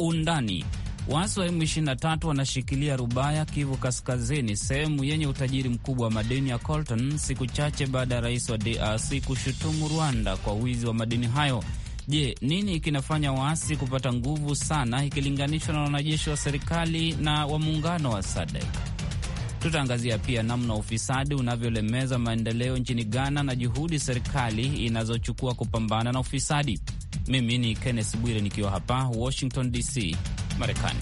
undani. Waasi wa M23 wanashikilia Rubaya, Kivu Kaskazini, sehemu yenye utajiri mkubwa wa madini ya coltan, siku chache baada ya rais wa DRC kushutumu Rwanda kwa wizi wa madini hayo. Je, nini kinafanya waasi kupata nguvu sana ikilinganishwa na wanajeshi wa serikali na wa muungano wa SADC? Tutaangazia pia namna ufisadi unavyolemeza maendeleo nchini Ghana na juhudi serikali inazochukua kupambana na ufisadi. Mimi ni Kenneth Bwire nikiwa hapa Washington DC, Marekani.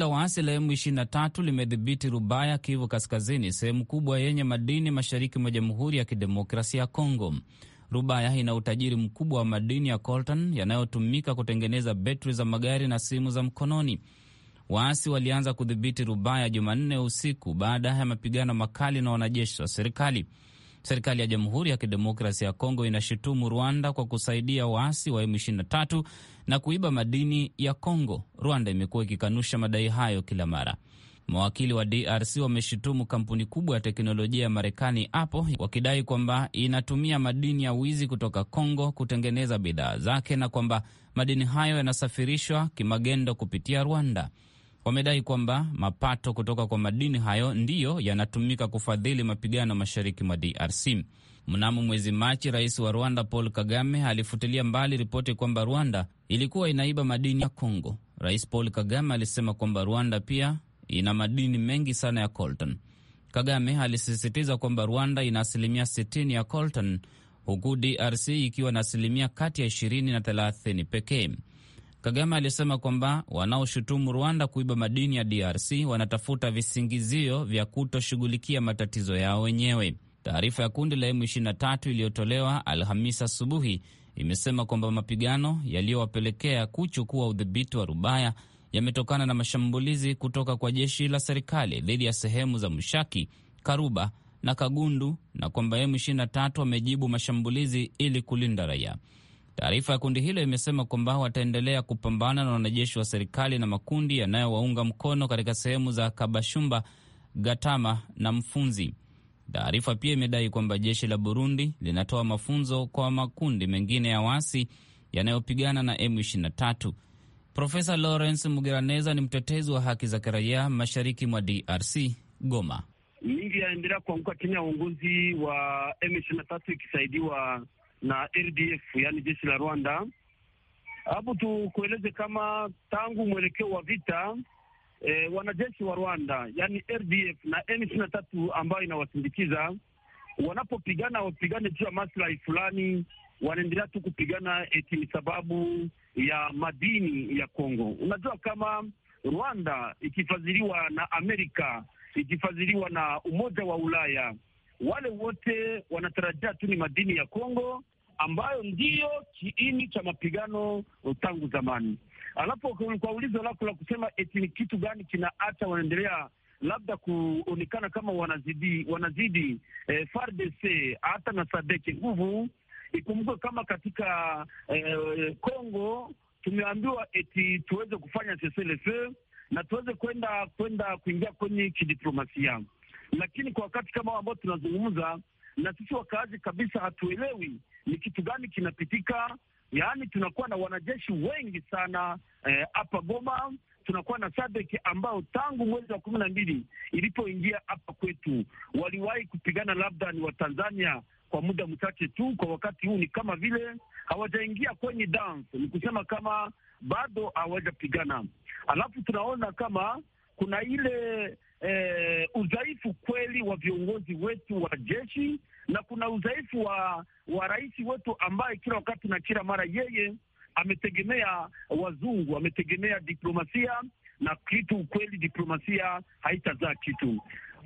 la waasi la M23 limedhibiti Rubaya, Kivu Kaskazini, sehemu kubwa yenye madini mashariki mwa Jamhuri ya Kidemokrasia ya Kongo. Rubaya ina utajiri mkubwa wa madini ya coltan yanayotumika kutengeneza betri za magari na simu za mkononi. Waasi walianza kudhibiti Rubaya Jumanne usiku baada ya mapigano makali na wanajeshi wa serikali. Serikali ya Jamhuri ya Kidemokrasia ya Kongo inashutumu Rwanda kwa kusaidia waasi wa M23 na kuiba madini ya Kongo. Rwanda imekuwa ikikanusha madai hayo kila mara. Mawakili wa DRC wameshutumu kampuni kubwa ya teknolojia ya Marekani Apple wakidai kwamba inatumia madini ya wizi kutoka Kongo kutengeneza bidhaa zake na kwamba madini hayo yanasafirishwa kimagendo kupitia Rwanda wamedai kwamba mapato kutoka kwa madini hayo ndiyo yanatumika kufadhili mapigano mashariki mwa DRC. Mnamo mwezi Machi, rais wa Rwanda Paul Kagame alifutilia mbali ripoti kwamba Rwanda ilikuwa inaiba madini ya congo Rais Paul Kagame alisema kwamba Rwanda pia ina madini mengi sana ya coltan. Kagame alisisitiza kwamba Rwanda ina asilimia 60 ya coltan, huku DRC ikiwa na asilimia kati ya 20 na 30 pekee. Kagame alisema kwamba wanaoshutumu Rwanda kuiba madini ya DRC wanatafuta visingizio vya kutoshughulikia matatizo yao wenyewe. Taarifa ya kundi la M23 iliyotolewa Alhamisi asubuhi imesema kwamba mapigano yaliyowapelekea kuchukua udhibiti wa Rubaya yametokana na mashambulizi kutoka kwa jeshi la serikali dhidi ya sehemu za Mushaki, Karuba na Kagundu na kwamba M23 wamejibu mashambulizi ili kulinda raia. Taarifa ya kundi hilo imesema kwamba wataendelea kupambana na wanajeshi wa serikali na makundi yanayowaunga mkono katika sehemu za Kabashumba, Gatama na Mfunzi. Taarifa pia imedai kwamba jeshi la Burundi linatoa mafunzo kwa makundi mengine ya wasi yanayopigana na M23. Profesa Lawrence Mugiraneza ni mtetezi wa haki za kiraia mashariki mwa DRC, Goma. Mingi yaendelea kuanguka chini ya uongozi wa M23 ikisaidiwa na RDF, yaani jeshi la Rwanda. Hapo tukueleze kama tangu mwelekeo wa vita e, wanajeshi wa Rwanda yaani RDF na M23 ambayo inawasindikiza wanapopigana, wapigane juu ya maslahi fulani, wanaendelea tu kupigana eti ni sababu ya madini ya Kongo. Unajua kama Rwanda ikifadhiliwa na Amerika, ikifadhiliwa na Umoja wa Ulaya wale wote wanatarajia tu ni madini ya Kongo ambayo ndiyo kiini cha mapigano tangu zamani. Alafu kwa ulizo lako la kusema eti ni kitu gani kinaacha wanaendelea labda kuonekana kama wanazidi wanazidi eh, FARDC hata na sadeke nguvu. Ikumbuke kama katika eh, Kongo eh, tumeambiwa eti tuweze kufanya cessez-le-feu na tuweze kwenda kwenda kuingia kwenye kidiplomasia lakini kwa wakati kama ambao tunazungumza, na sisi wakaazi kabisa hatuelewi ni kitu gani kinapitika. Yaani tunakuwa na wanajeshi wengi sana eh, hapa eh, Goma tunakuwa na Sadeki ambao tangu mwezi wa kumi na mbili ilipoingia hapa kwetu waliwahi kupigana labda ni Watanzania kwa muda mchache tu. Kwa wakati huu ni kama vile hawajaingia kwenye dance, ni kusema kama bado hawajapigana. Alafu tunaona kama kuna ile eh, udhaifu kweli wa viongozi wetu wa jeshi na kuna udhaifu wa, wa rais wetu ambaye kila wakati na kila mara yeye ametegemea wazungu, ametegemea diplomasia na kitu ukweli, diplomasia haitazaa kitu.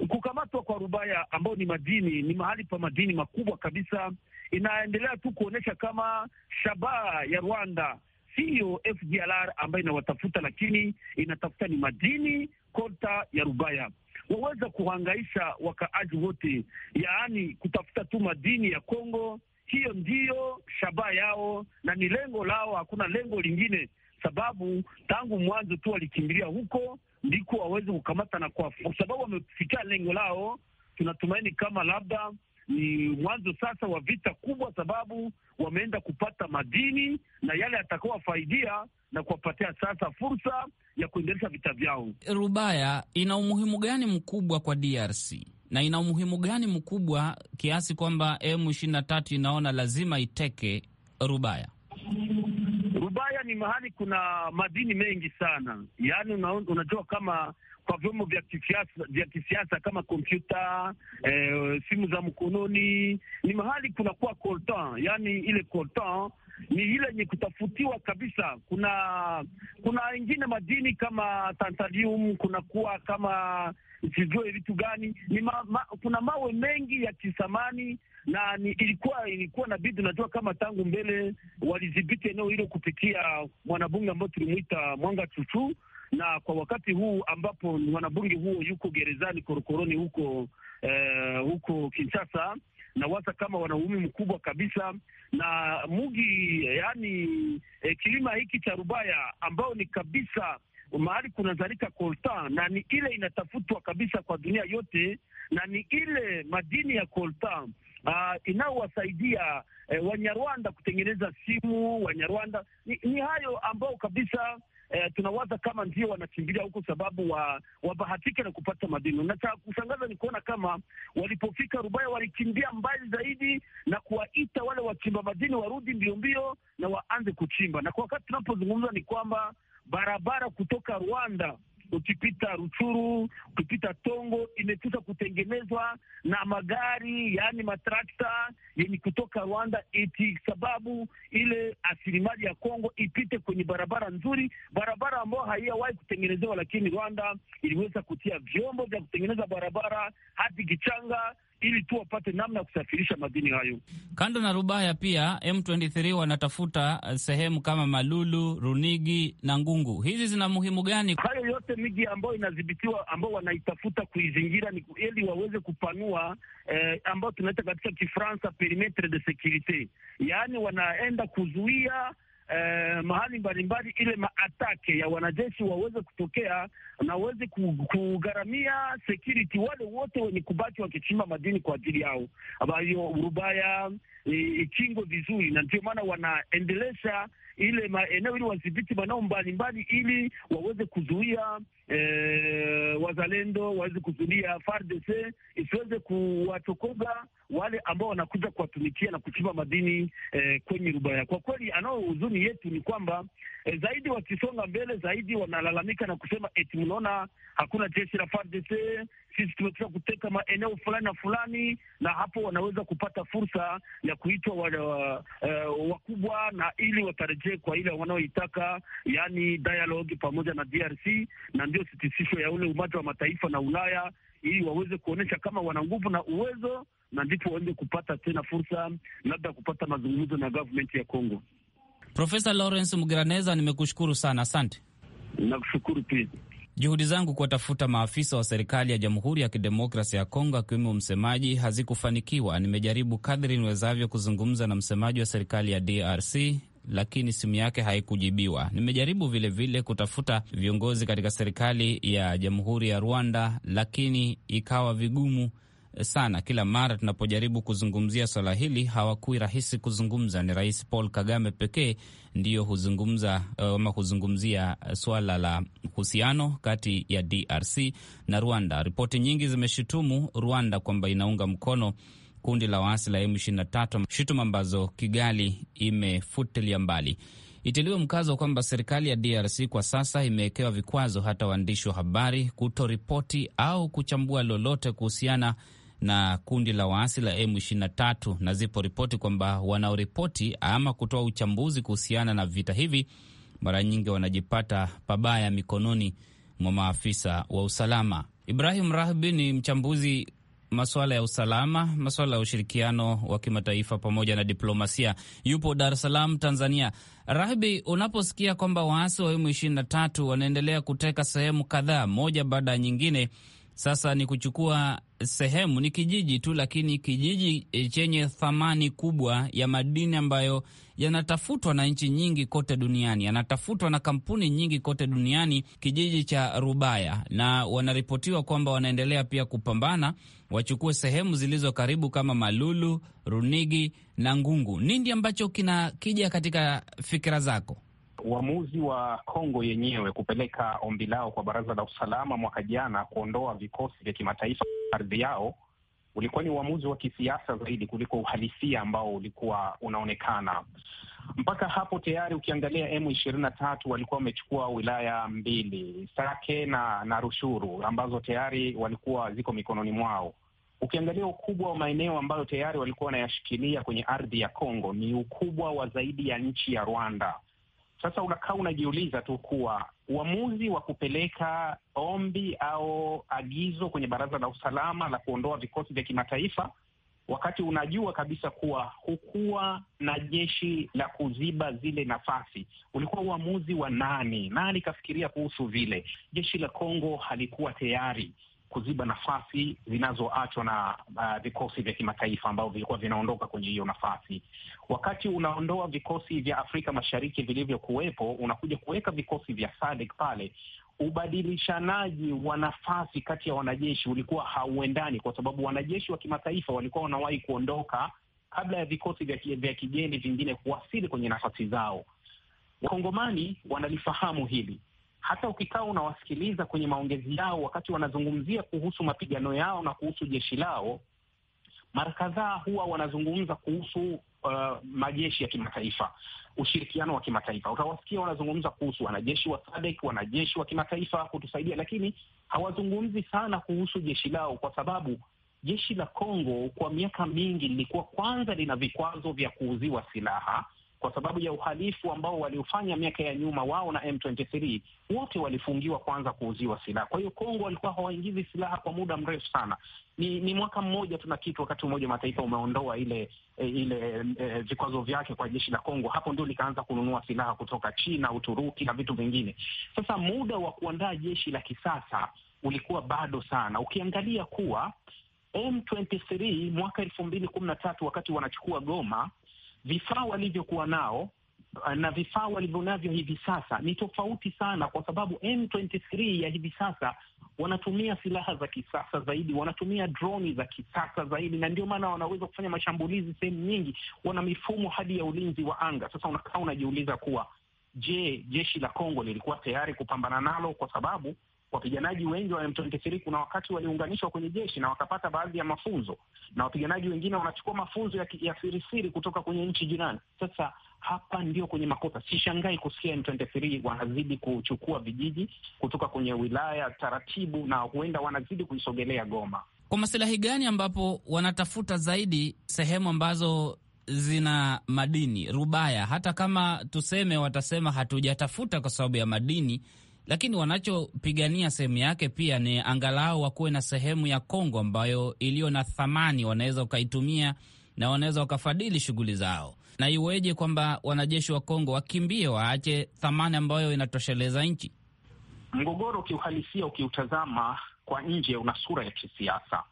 Kukamatwa kwa Rubaya ambao ni madini, ni mahali pa madini makubwa kabisa, inaendelea tu kuonyesha kama shabaha ya Rwanda siyo FDLR ambayo inawatafuta, lakini inatafuta ni madini kota ya Rubaya waweza kuhangaisha wakaaji wote, yaani kutafuta tu madini ya Kongo. Hiyo ndiyo shabaha yao na ni lengo lao, hakuna lengo lingine, sababu tangu mwanzo tu walikimbilia huko ndiko waweze kukamata na kwa sababu wamefikia lengo lao. Tunatumaini kama labda ni mwanzo sasa wa vita kubwa, sababu wameenda kupata madini na yale yatakayowafaidia na kuwapatia sasa fursa ya kuendelesha vita vyao. Rubaya ina umuhimu gani mkubwa kwa DRC na ina umuhimu gani mkubwa kiasi kwamba M23 inaona lazima iteke Rubaya? ni mahali kuna madini mengi sana, yaani una, unajua kama kwa vyombo vya kisiasa vya kisiasa kama kompyuta eh, simu za mkononi, ni mahali kunakuwa coltan, yaani ile coltan ni ile yenye kutafutiwa kabisa. Kuna kuna ingine madini kama tantalium, kunakuwa kama sijue vitu gani ni ma, ma, kuna mawe mengi ya kisamani na ni, ilikuwa ilikuwa na bidi, unajua kama tangu mbele walidhibiti eneo hilo kupitia mwanabunge ambao tulimwita Mwanga Chuchu, na kwa wakati huu ambapo mwanabunge huo yuko gerezani korokoroni huko eh, huko Kinshasa na wasa kama wanaumi mkubwa kabisa na mugi yani, eh, kilima hiki cha Rubaya ambao ni kabisa mahali kunazalika kolta, na ni ile inatafutwa kabisa kwa dunia yote, na ni ile madini ya kolta Uh, ah, inayowasaidia eh, Wanyarwanda kutengeneza simu. Wanyarwanda ni, ni hayo ambao kabisa eh, tunawaza kama ndio wanakimbilia huko sababu wa, wabahatike na kupata madini, na cha kushangaza ni kuona kama walipofika Rubaya walikimbia mbali zaidi na kuwaita wale wachimba madini warudi mbio mbio na waanze kuchimba, na kwa wakati tunapozungumza ni kwamba barabara kutoka Rwanda ukipita Ruchuru ukipita Tongo imetusa kutengenezwa na magari yaani matrakta yenye kutoka Rwanda, eti sababu ile asilimali ya Kongo ipite kwenye barabara nzuri, barabara ambayo haiyawahi kutengenezewa, lakini Rwanda iliweza kutia vyombo vya kutengeneza barabara hadi Kichanga ili tu wapate namna ya kusafirisha madini hayo. Kando na Rubaya, pia M23 wanatafuta eh, sehemu kama Malulu, Runigi na Ngungu. Hizi zina muhimu gani? Hayo yote miji ambayo inadhibitiwa, ambao wanaitafuta kuizingira ni ili waweze kupanua eh, ambayo tunaita katika Kifransa perimetre de securite, yaani wanaenda kuzuia eh, mahali mbalimbali, ile maatake ya wanajeshi waweze kutokea na waweze kugharamia security wale wote wenye kubaki wakichimba madini kwa ajili yao, ambayo urubaya ichingo e, vizuri, na ndio maana wanaendelesha ile maeneo ili wadhibiti maeneo mbalimbali ili waweze kuzuia e, wazalendo waweze kuzulia FARDC isiweze kuwachokoza wale ambao wanakuja kuwatumikia na kuchimba madini e, kwenye Rubaya. Kwa kweli, anao huzuni yetu ni kwamba e, zaidi wakisonga mbele zaidi wanalalamika na kusema eti mnaona hakuna jeshi la FARDC, sisi tumekwisha kuteka maeneo fulani na fulani, na hapo wanaweza kupata fursa ya kuitwa uh, wakubwa na ili watarejee kwa ile wanaoitaka, yani dialogue pamoja na DRC na ndio sitisisho ya ule umoja wa Mataifa na Ulaya ili waweze kuonyesha kama wana nguvu na uwezo, na ndipo waende kupata tena fursa labda kupata mazungumzo na government ya Congo. Profesa Lawrence mgraneza nimekushukuru sana, asante. Nakushukuru pia. Juhudi zangu kuwatafuta maafisa wa serikali ya Jamhuri ya Kidemokrasia ya Kongo akiwemo msemaji hazikufanikiwa. Nimejaribu kadri niwezavyo kuzungumza na msemaji wa serikali ya DRC lakini simu yake haikujibiwa. Nimejaribu vilevile vile kutafuta viongozi katika serikali ya Jamhuri ya Rwanda, lakini ikawa vigumu eh, sana. Kila mara tunapojaribu kuzungumzia swala hili hawakui rahisi kuzungumza. Ni Rais Paul Kagame pekee ndiyo huzungumza eh, ama huzungumzia eh, swala la uhusiano kati ya DRC na Rwanda. Ripoti nyingi zimeshutumu Rwanda kwamba inaunga mkono kundi la waasi la M23, shutuma ambazo Kigali imefutilia mbali. Itiliwe mkazo kwamba serikali ya DRC kwa sasa imewekewa vikwazo hata waandishi wa habari kutoripoti au kuchambua lolote kuhusiana na kundi la waasi la M23, na zipo ripoti kwamba wanaoripoti ama kutoa uchambuzi kuhusiana na vita hivi mara nyingi wanajipata pabaya mikononi mwa maafisa wa usalama. Ibrahim Rahbi ni mchambuzi masuala ya usalama, masuala ya ushirikiano wa kimataifa pamoja na diplomasia. Yupo Dar es Salaam, Tanzania. Rahbi, unaposikia kwamba waasi wa wemu ishirini na tatu wanaendelea kuteka sehemu kadhaa moja baada ya nyingine, sasa ni kuchukua sehemu ni kijiji tu, lakini kijiji e, chenye thamani kubwa ya madini ambayo yanatafutwa na nchi nyingi kote duniani, yanatafutwa na kampuni nyingi kote duniani, kijiji cha Rubaya, na wanaripotiwa kwamba wanaendelea pia kupambana wachukue sehemu zilizo karibu kama Malulu, Runigi na Ngungu. Nindi ambacho kinakija katika fikira zako? uamuzi wa Kongo yenyewe kupeleka ombi lao kwa Baraza la Usalama mwaka jana kuondoa vikosi vya kimataifa ardhi yao ulikuwa ni uamuzi wa kisiasa zaidi kuliko uhalisia ambao ulikuwa unaonekana mpaka hapo. Tayari ukiangalia M ishirini na tatu walikuwa wamechukua wilaya mbili Sake na na Rushuru ambazo tayari walikuwa ziko mikononi mwao. Ukiangalia ukubwa wa maeneo ambayo tayari walikuwa wanayashikilia kwenye ardhi ya Kongo ni ukubwa wa zaidi ya nchi ya Rwanda. Sasa unakaa unajiuliza tu kuwa uamuzi wa kupeleka ombi au agizo kwenye Baraza la Usalama la kuondoa vikosi vya kimataifa wakati unajua kabisa kuwa hukuwa na jeshi la kuziba zile nafasi, ulikuwa uamuzi wa nani? Nani kafikiria kuhusu vile? Jeshi la Kongo halikuwa tayari kuziba nafasi zinazoachwa na uh, vikosi vya kimataifa ambavyo vilikuwa vinaondoka kwenye hiyo nafasi. Wakati unaondoa vikosi vya Afrika Mashariki vilivyokuwepo, unakuja kuweka vikosi vya SADC pale ubadilishanaji wa nafasi kati ya wanajeshi ulikuwa hauendani, kwa sababu wanajeshi wa kimataifa walikuwa wanawahi kuondoka kabla ya vikosi vya kigeni vingine kuwasili kwenye nafasi zao. Wakongomani wanalifahamu hili, hata ukikaa unawasikiliza kwenye maongezi yao, wakati wanazungumzia kuhusu mapigano yao na kuhusu jeshi lao, mara kadhaa huwa wanazungumza kuhusu uh, majeshi ya kimataifa, ushirikiano wa kimataifa. Utawasikia wanazungumza kuhusu wanajeshi wa SADC, wanajeshi wa kimataifa kutusaidia, lakini hawazungumzi sana kuhusu jeshi lao, kwa sababu jeshi la Kongo kwa miaka mingi lilikuwa kwanza lina vikwazo vya kuuziwa silaha kwa sababu ya uhalifu ambao waliofanya miaka ya nyuma wao na M23, wote walifungiwa kwanza kuuziwa silaha. Kwa hiyo Kongo walikuwa hawaingizi silaha kwa muda mrefu sana. Ni, ni mwaka mmoja tuna kitu, wakati Umoja wa Mataifa umeondoa ile eh, ile e, vikwazo vyake kwa jeshi la Kongo, hapo ndio likaanza kununua silaha kutoka China, Uturuki na vitu vingine. Sasa muda wa kuandaa jeshi la kisasa ulikuwa bado sana, ukiangalia kuwa M23 mwaka elfu mbili kumi na tatu wakati wanachukua Goma vifaa walivyokuwa nao uh, na vifaa walivyonavyo hivi sasa ni tofauti sana, kwa sababu M23 ya hivi sasa wanatumia silaha za kisasa zaidi, wanatumia droni za kisasa zaidi, na ndio maana wanaweza kufanya mashambulizi sehemu nyingi. Wana mifumo hadi ya ulinzi wa anga. Sasa unakaa unajiuliza kuwa je, jeshi la Kongo lilikuwa tayari kupambana nalo? Kwa sababu wapiganaji wengi wa M23 kuna wakati waliunganishwa kwenye jeshi na wakapata baadhi ya mafunzo, na wapiganaji wengine wanachukua mafunzo ya, ya sirisiri kutoka kwenye nchi jirani. Sasa hapa ndio kwenye makosa. Sishangai kusikia M23 wanazidi kuchukua vijiji kutoka kwenye wilaya taratibu, na huenda wanazidi kuisogelea Goma. Kwa masilahi gani? Ambapo wanatafuta zaidi sehemu ambazo zina madini Rubaya, hata kama tuseme, watasema hatujatafuta kwa sababu ya madini lakini wanachopigania sehemu yake pia ni angalau wakuwe na sehemu ya Kongo ambayo iliyo na thamani wanaweza wakaitumia na wanaweza wakafadhili shughuli zao. Na iweje kwamba wanajeshi wa Kongo wakimbie, waache thamani ambayo inatosheleza nchi? Mgogoro ukiuhalisia, ukiutazama kwa nje, una sura ya kisiasa,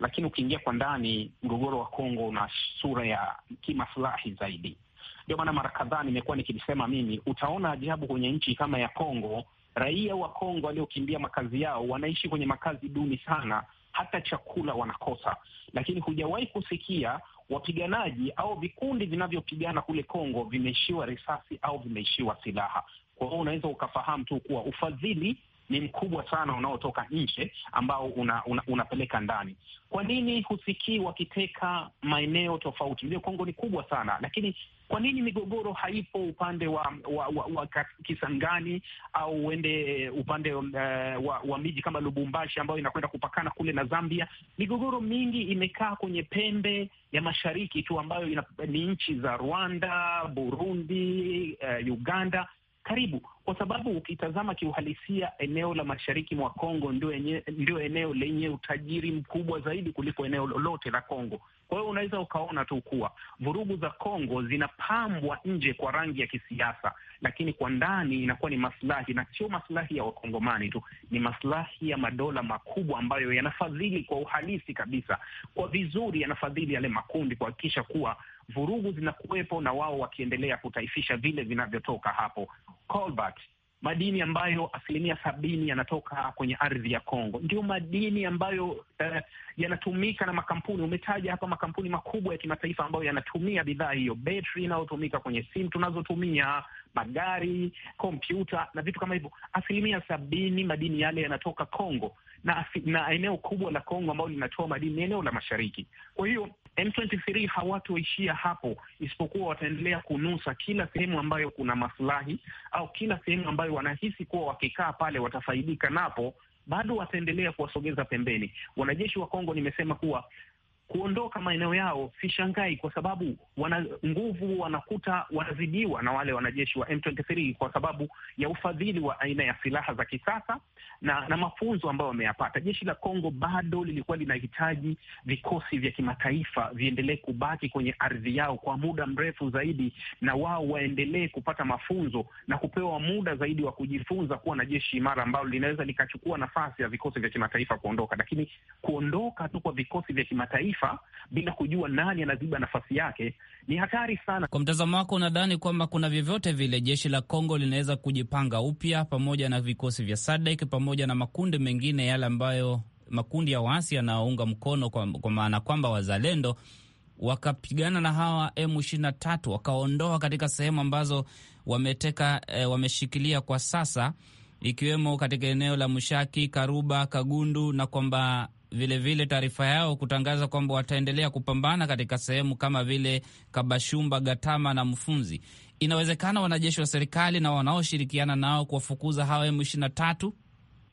lakini ukiingia kwa ndani, mgogoro wa Kongo una sura ya kimaslahi zaidi. Ndio maana mara kadhaa nimekuwa nikilisema mimi, utaona ajabu kwenye nchi kama ya Kongo raia wa Kongo waliokimbia makazi yao wanaishi kwenye makazi duni sana, hata chakula wanakosa. Lakini hujawahi kusikia wapiganaji au vikundi vinavyopigana kule Kongo vimeishiwa risasi au vimeishiwa silaha. Kwa hiyo unaweza ukafahamu tu kuwa ufadhili ni mkubwa sana unaotoka nje ambao una, una, unapeleka ndani. Kwa nini husikii wakiteka maeneo tofauti? Ndio, Kongo ni kubwa sana, lakini kwa nini migogoro haipo upande wa, wa, wa, wa Kisangani au uende uh, upande uh, wa, wa miji kama Lubumbashi ambayo inakwenda kupakana kule na Zambia? Migogoro mingi imekaa kwenye pembe ya mashariki tu ambayo ina, ni nchi za Rwanda, Burundi, uh, Uganda karibu kwa sababu ukitazama kiuhalisia, eneo la mashariki mwa Kongo ndio eneo lenye utajiri mkubwa zaidi kuliko eneo lolote la Kongo. Kwa hiyo unaweza ukaona tu kuwa vurugu za Kongo zinapambwa nje kwa rangi ya kisiasa, lakini kwa ndani inakuwa ni maslahi, na sio maslahi ya wakongomani tu, ni maslahi ya madola makubwa ambayo yanafadhili kwa uhalisi kabisa, kwa vizuri, yanafadhili yale makundi kuhakikisha kuwa vurugu zinakuwepo na wao wakiendelea kutaifisha vile vinavyotoka hapo Colbert madini ambayo asilimia sabini yanatoka kwenye ardhi ya Kongo, ndio madini ambayo eh, yanatumika na makampuni. Umetaja hapa makampuni makubwa ya kimataifa ambayo yanatumia bidhaa hiyo, betri inayotumika kwenye simu tunazotumia, magari, kompyuta na vitu kama hivyo. Asilimia sabini madini yale yanatoka Kongo na, na eneo kubwa la Kongo ambalo linatoa madini ni eneo la mashariki, kwa hiyo M23 hawatoishia hapo, isipokuwa wataendelea kunusa kila sehemu ambayo kuna maslahi au kila sehemu ambayo wanahisi kuwa wakikaa pale watafaidika napo bado wataendelea kuwasogeza pembeni. Wanajeshi wa Kongo nimesema kuwa kuondoka maeneo yao, si shangai, kwa sababu wana nguvu, wanakuta wanazidiwa na wale wanajeshi wa M23 kwa sababu ya ufadhili wa aina ya silaha za kisasa na, na mafunzo ambayo wameyapata. Jeshi la Kongo bado lilikuwa linahitaji vikosi vya kimataifa viendelee kubaki kwenye ardhi yao kwa muda mrefu zaidi, na wao waendelee kupata mafunzo na kupewa muda zaidi wa kujifunza kuwa na jeshi imara ambalo linaweza likachukua nafasi ya vikosi vya kimataifa kuondoka. Lakini kuondoka tu kwa vikosi vya kimataifa taifa bila kujua nani anaziba nafasi yake ni hatari sana. Kwa mtazamo wako, unadhani kwamba kuna vyovyote vile jeshi la Kongo linaweza kujipanga upya pamoja na vikosi vya SADC pamoja na makundi mengine yale ambayo makundi ya waasi yanaounga mkono kwa, kwa maana kwamba wazalendo wakapigana na hawa M23 wakaondoa katika sehemu ambazo wameteka e, wameshikilia kwa sasa ikiwemo katika eneo la Mushaki, Karuba, Kagundu na kwamba vilevile taarifa yao kutangaza kwamba wataendelea kupambana katika sehemu kama vile Kabashumba, Gatama na Mfunzi. Inawezekana wanajeshi wa serikali na wanaoshirikiana nao kuwafukuza hawa emu ishirini na tatu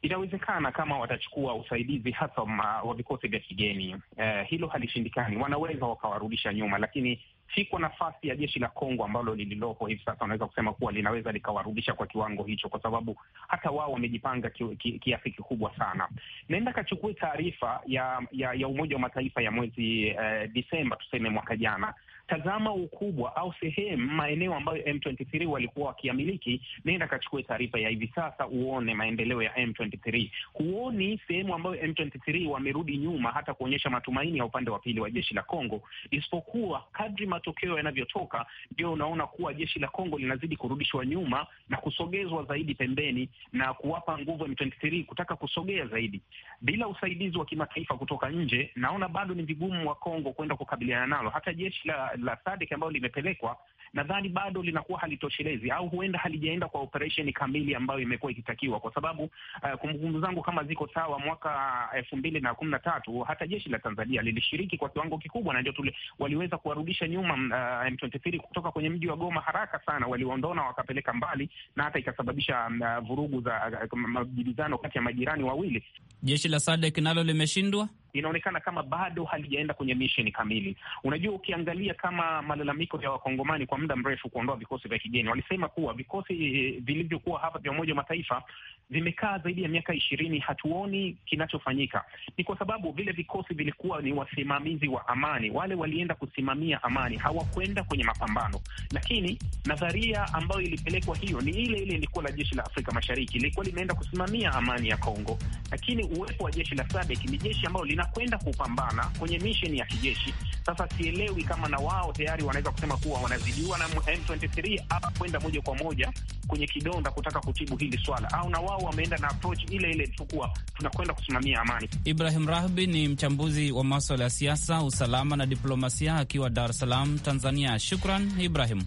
inawezekana kama watachukua usaidizi hasa wa vikosi vya kigeni. Eh, hilo halishindikani, wanaweza wakawarudisha nyuma, lakini si kwa nafasi ya jeshi la Kongo ambalo lililopo hivi sasa, wanaweza kusema kuwa linaweza likawarudisha kwa kiwango hicho, kwa sababu hata wao wamejipanga kiasi ki, ki kikubwa sana. Naenda kachukue taarifa ya, ya ya Umoja wa Mataifa ya mwezi eh, Disemba tuseme mwaka jana tazama ukubwa au sehemu maeneo ambayo M23 walikuwa wakiamiliki. Nenda kachukue taarifa ya hivi sasa uone maendeleo ya M23. Huoni sehemu ambayo M23 wamerudi nyuma hata kuonyesha matumaini ya upande wa pili wa jeshi la Kongo, isipokuwa kadri matokeo yanavyotoka ndio unaona kuwa jeshi la Kongo linazidi kurudishwa nyuma na kusogezwa zaidi pembeni na kuwapa nguvu M23 kutaka kusogea zaidi. Bila usaidizi wa kimataifa kutoka nje, naona bado ni vigumu wa Kongo kwenda kukabiliana nalo. Hata jeshi la la SADC ambayo limepelekwa nadhani bado linakuwa halitoshelezi au huenda halijaenda kwa operesheni kamili ambayo imekuwa ikitakiwa, kwa sababu uh, kumbukumbu zangu kama ziko sawa, mwaka eh, elfu mbili na kumi na tatu hata jeshi la Tanzania lilishiriki kwa kiwango kikubwa, na ndio waliweza kuwarudisha nyuma uh, M23 kutoka kwenye mji wa Goma haraka sana, waliondona wakapeleka mbali, na hata ikasababisha uh, vurugu za uh, majibizano kati ya majirani wawili. Jeshi la SADC nalo limeshindwa inaonekana kama bado halijaenda kwenye misheni kamili. Unajua, ukiangalia kama malalamiko ya wakongomani kwa muda mrefu kuondoa vikosi vya kigeni, walisema kuwa vikosi eh, vilivyokuwa hapa vya Umoja wa Mataifa vimekaa zaidi ya miaka ishirini, hatuoni kinachofanyika. Ni kwa sababu vile vikosi vilikuwa ni wasimamizi wa amani, wale walienda kusimamia amani, hawakwenda kwenye mapambano. Lakini nadharia ambayo ilipelekwa hiyo ni ile ile ilikuwa la jeshi la Afrika Mashariki, ilikuwa limeenda kusimamia amani ya Kongo, lakini uwepo wa jeshi la SADC ni jeshi ambalo linakwenda kupambana kwenye misheni ya kijeshi. Sasa sielewi kama na wao tayari wanaweza kusema kuwa wanazijua na M23 ama kwenda moja kwa moja kwenye kidonda kutaka kutibu hili swala au na wao au wameenda na approach ile ile tukuwa tunakwenda kusimamia amani. Ibrahim Rahbi ni mchambuzi wa maswala ya siasa, usalama na diplomasia akiwa Dar es Salaam, Tanzania. Shukran Ibrahim,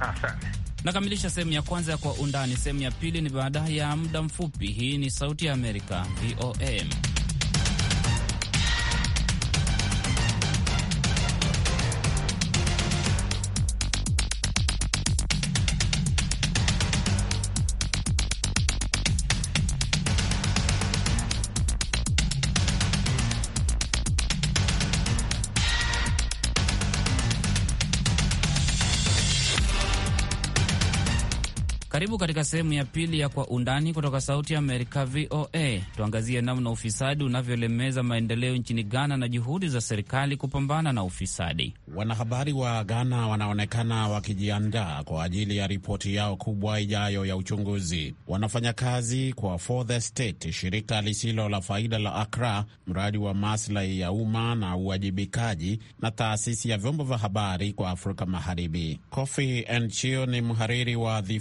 asante. Nakamilisha sehemu ya kwanza ya Kwa Undani. Sehemu ya pili ni baada ya muda mfupi. Hii ni Sauti ya Amerika, VOA. Karibu katika sehemu ya pili ya Kwa Undani kutoka Sauti ya Amerika, VOA. Tuangazie namna ufisadi unavyolemeza maendeleo nchini Ghana na juhudi za serikali kupambana na ufisadi. Wanahabari wa Ghana wanaonekana wakijiandaa kwa ajili ya ripoti yao kubwa ijayo ya uchunguzi. Wanafanya kazi kwa For the State, shirika lisilo la faida la Accra, mradi wa maslahi ya umma na uwajibikaji, na taasisi ya vyombo vya habari kwa Afrika Magharibi. Kofi ni mhariri wa The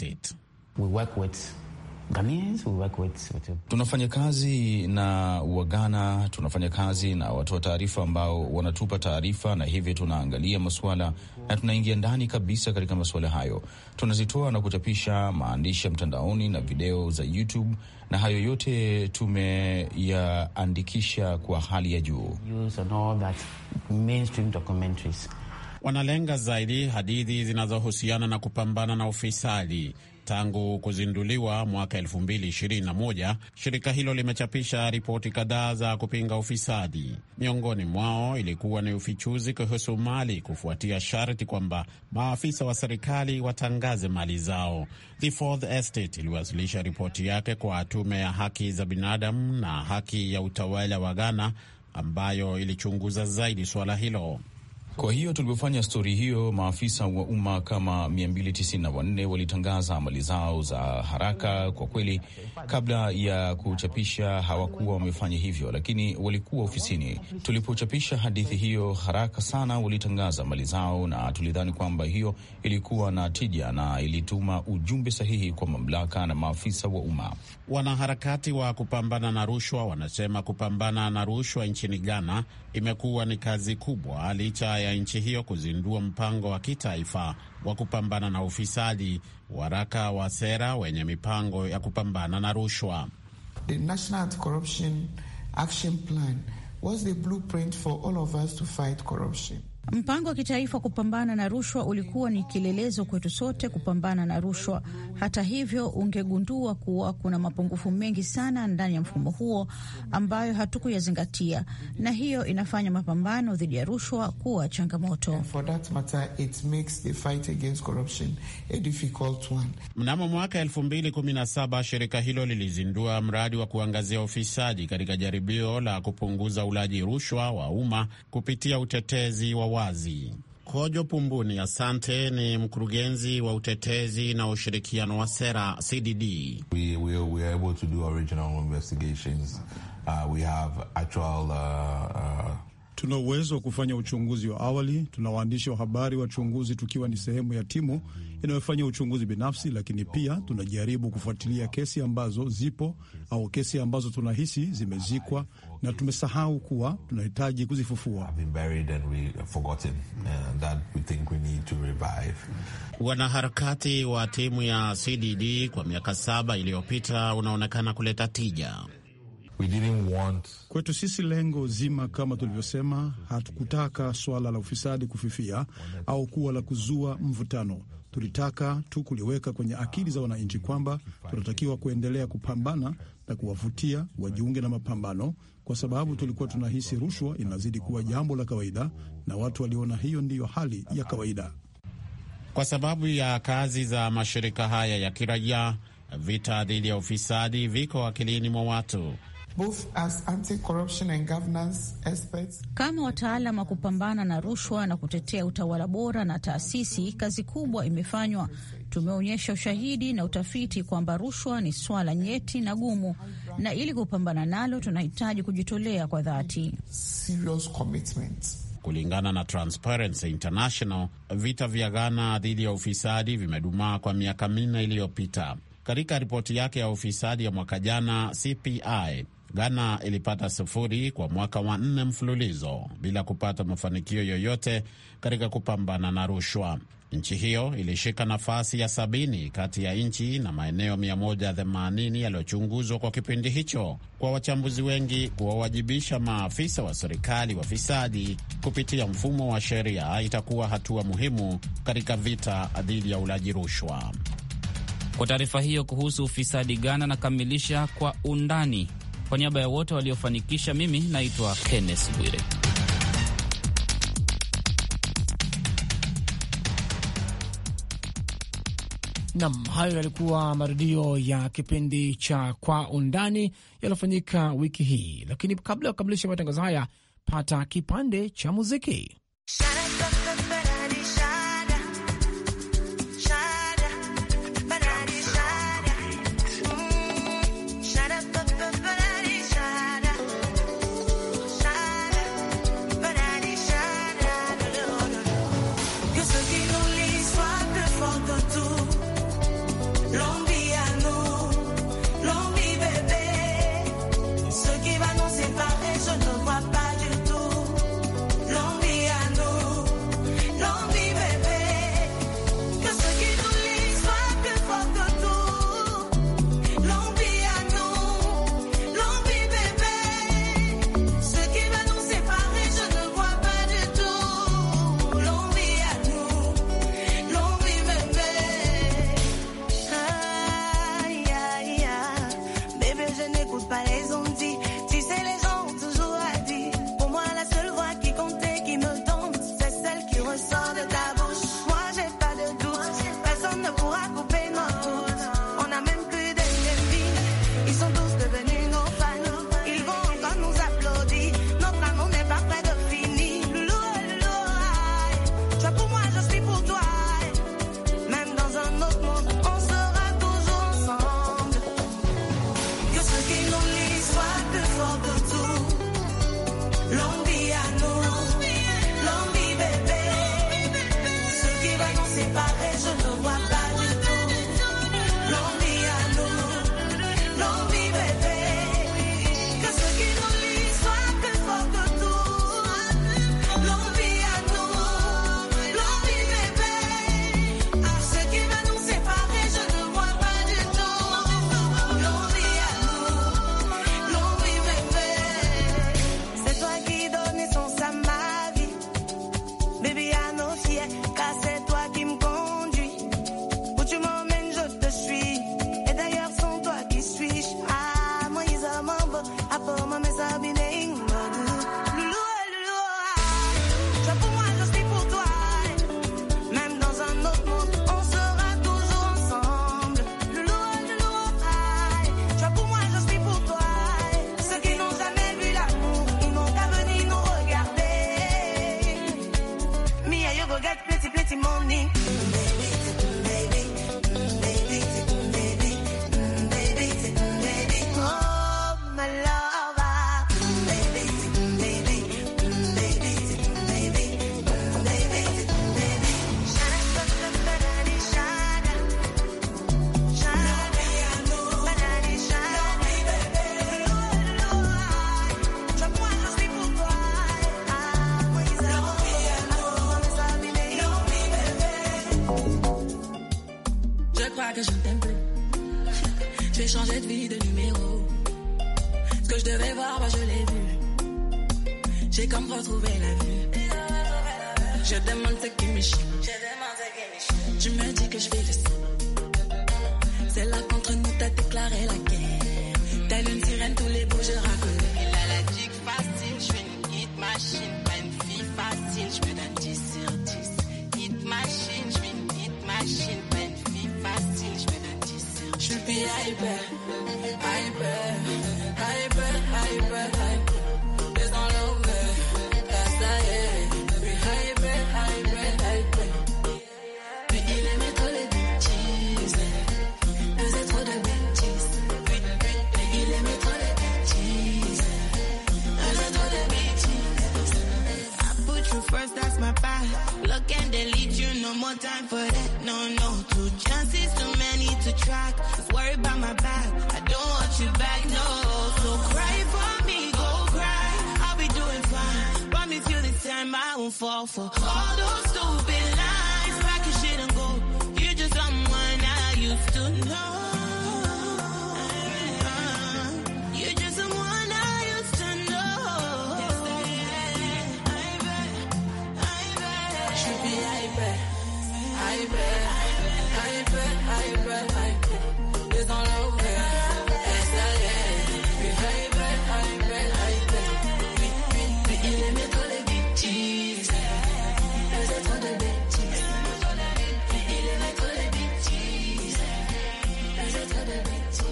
State. We work with Ghanaians, we work with, tunafanya kazi na Wagana, tunafanya kazi na watoa taarifa ambao wanatupa taarifa, na hivyo tunaangalia masuala na tunaingia ndani kabisa katika masuala hayo. Tunazitoa na kuchapisha maandishi ya mtandaoni na video za YouTube, na hayo yote tumeyaandikisha kwa hali ya juu wanalenga zaidi hadithi zinazohusiana na kupambana na ufisadi. Tangu kuzinduliwa mwaka 2021 shirika hilo limechapisha ripoti kadhaa za kupinga ufisadi. Miongoni mwao ilikuwa ni ufichuzi kuhusu mali kufuatia sharti kwamba maafisa wa serikali watangaze mali zao. The Fourth Estate iliwasilisha ripoti yake kwa tume ya haki za binadamu na haki ya utawala wa Ghana ambayo ilichunguza zaidi suala hilo. Kwa hiyo tulipofanya stori hiyo, maafisa wa umma kama 294 walitangaza amali zao za haraka. Kwa kweli, kabla ya kuchapisha hawakuwa wamefanya hivyo, lakini walikuwa ofisini. Tulipochapisha hadithi hiyo haraka sana, walitangaza amali zao, na tulidhani kwamba hiyo ilikuwa na tija na ilituma ujumbe sahihi kwa mamlaka na maafisa wa umma. Wanaharakati wa kupambana na rushwa wanasema kupambana na rushwa nchini Ghana imekuwa ni kazi kubwa licha ya nchi hiyo kuzindua mpango wa kitaifa wa kupambana na ufisadi, waraka wa sera wenye mipango ya kupambana na rushwa. The National Anti-Corruption Action Plan was the blueprint for all of us to fight corruption. Mpango wa kitaifa kupambana na rushwa ulikuwa ni kielelezo kwetu sote kupambana na rushwa. Hata hivyo, ungegundua kuwa kuna mapungufu mengi sana ndani ya mfumo huo ambayo hatukuyazingatia, na hiyo inafanya mapambano dhidi ya rushwa kuwa changamoto. Mnamo mwaka 2017 shirika hilo lilizindua mradi wa kuangazia ufisadi katika jaribio la kupunguza ulaji rushwa wa umma kupitia utetezi wa wazi. Kojo Pumbuni Asante ni mkurugenzi wa utetezi na ushirikiano wa sera CDD. We, we, we are able to do original investigations. Uh, we have actual, uh, uh, Tuna uwezo wa kufanya uchunguzi wa awali, tuna waandishi wa habari wachunguzi, tukiwa ni sehemu ya timu inayofanya uchunguzi binafsi, lakini pia tunajaribu kufuatilia kesi ambazo zipo au kesi ambazo tunahisi zimezikwa na tumesahau kuwa tunahitaji kuzifufua. Uh, Wanaharakati wa timu ya CDD kwa miaka saba iliyopita unaonekana kuleta tija. We didn't want... kwetu sisi lengo zima kama tulivyosema, hatukutaka suala la ufisadi kufifia au kuwa la kuzua mvutano. Tulitaka tu kuliweka kwenye akili za wananchi kwamba tunatakiwa kuendelea kupambana na kuwavutia wajiunge na mapambano, kwa sababu tulikuwa tunahisi rushwa inazidi kuwa jambo la kawaida, na watu waliona hiyo ndiyo hali ya kawaida. Kwa sababu ya kazi za mashirika haya ya kiraia, vita dhidi ya ufisadi viko akilini mwa watu both as anti-corruption and governance experts. Kama wataalam wa kupambana na rushwa na kutetea utawala bora na taasisi, kazi kubwa imefanywa. Tumeonyesha ushahidi na utafiti kwamba rushwa ni swala nyeti na gumu, na ili kupambana nalo tunahitaji kujitolea kwa dhati. Serious commitment. Kulingana na Transparency International, vita vya Ghana dhidi ya ufisadi vimedumaa kwa miaka minne iliyopita. Katika ripoti yake ya ufisadi ya mwaka jana, CPI Ghana ilipata sufuri kwa mwaka wa nne mfululizo bila kupata mafanikio yoyote katika kupambana na rushwa. Nchi hiyo ilishika nafasi ya sabini kati ya nchi na maeneo 180 yaliyochunguzwa kwa kipindi hicho. Kwa wachambuzi wengi, kuwawajibisha maafisa wa serikali wafisadi kupitia mfumo wa sheria itakuwa hatua muhimu katika vita dhidi ya ulaji rushwa. Kwa taarifa hiyo kuhusu ufisadi Ghana, nakamilisha kwa undani kwa niaba ya wote waliofanikisha, mimi naitwa Kenneth Bwire. Nam, hayo yalikuwa marudio ya kipindi cha Kwa Undani yaliyofanyika wiki hii, lakini kabla ya kukamilisha matangazo haya, pata kipande cha muziki. changé de vie, de numéro. Ce que je devais voir, bah, je l'ai vu. J'ai comme retrouvé la vue. Je demande ce qui me Tu me dis que je vais laisser. C'est là qu'entre nous, t'as déclaré la guerre. T'as une sirène, tous les beaux, je raconte. baby, I hyper, hyper, hyper. I I There's no love there, that's the end. Baby, I bet, I I put you first, that's my vibe. Look and delete you, no more time for that. No, no, two chances to to track. Just worry about my back. I don't want you back, no. So cry for me, go cry. I'll be doing fine. Promise you this time I won't fall for all those stupid lies. Pack your shit and go. You are just someone I used to know.